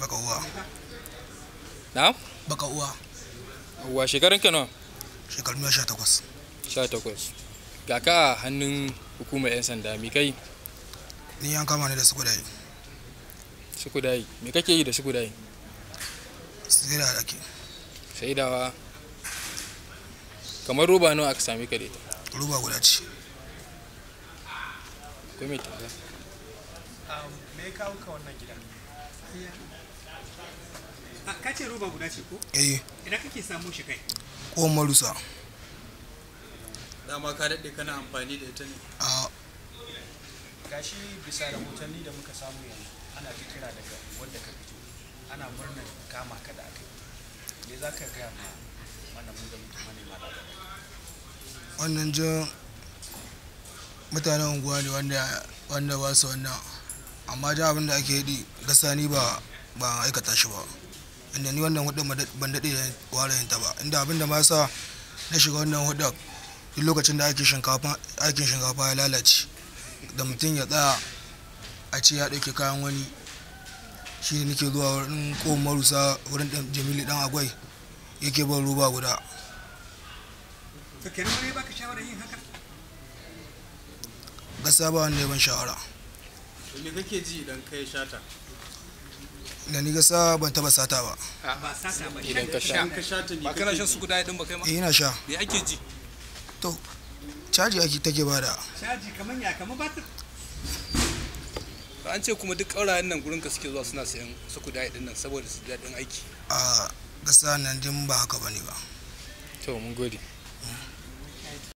Baka uwa. Na? Baka uwa. Uwa shekarun ka nawa? Shekarun ya sha takwas. Sha takwas. ka a hannun hukumar 'yan sanda me kai? Ni an kama ni da sukudayi. Sukudayi. Me kake yi da sukudayi? Sai da ake. Sai Kamar roba nawa aka sami ka da Roba guda ce. kome ta ta? Me um, kawo ka wannan gida? Ah, roba guda ce ko? eh kake samu shi kai? ko marusa dama ka daɗe kana amfani da ita ne? a gashi bisa rahotanni da muka samu yanzu ana ta kira daga wanda ka fito ana murnar kama ka da aka me za ka gaya ma da wannan jin mutanen unguwa ne wanda ba su wannan amma da abin da ake yi gasa ni ba ba aikata shi ba inda ni wannan hudu ban daɗe da ware ta ba inda abin da ma sa na shiga wannan hudu duk lokacin da aikin shinkafa aikin shinkafa ya lalace da mutum ya tsaya a ce ya ɗauki kayan wani shi ne nake zuwa wurin kohon marusa wurin jamilu ɗan agwai yake ban ruba guda gasa ba wanda ya ban shawara me kake ji idan kai shata da ni gasa ban taba sata ba ba sata ba idan ka sha ka shata ne ba kana shan su guda idan ba kai ma eh ina sha me ake ji to caji ake take bada caji kaman ya kaman batir an ce kuma duk ƙaurayen nan gurin ka suke zuwa suna sayan su kuda idan nan saboda su daɗin aiki a gasa nan din ba haka bane ba to mun gode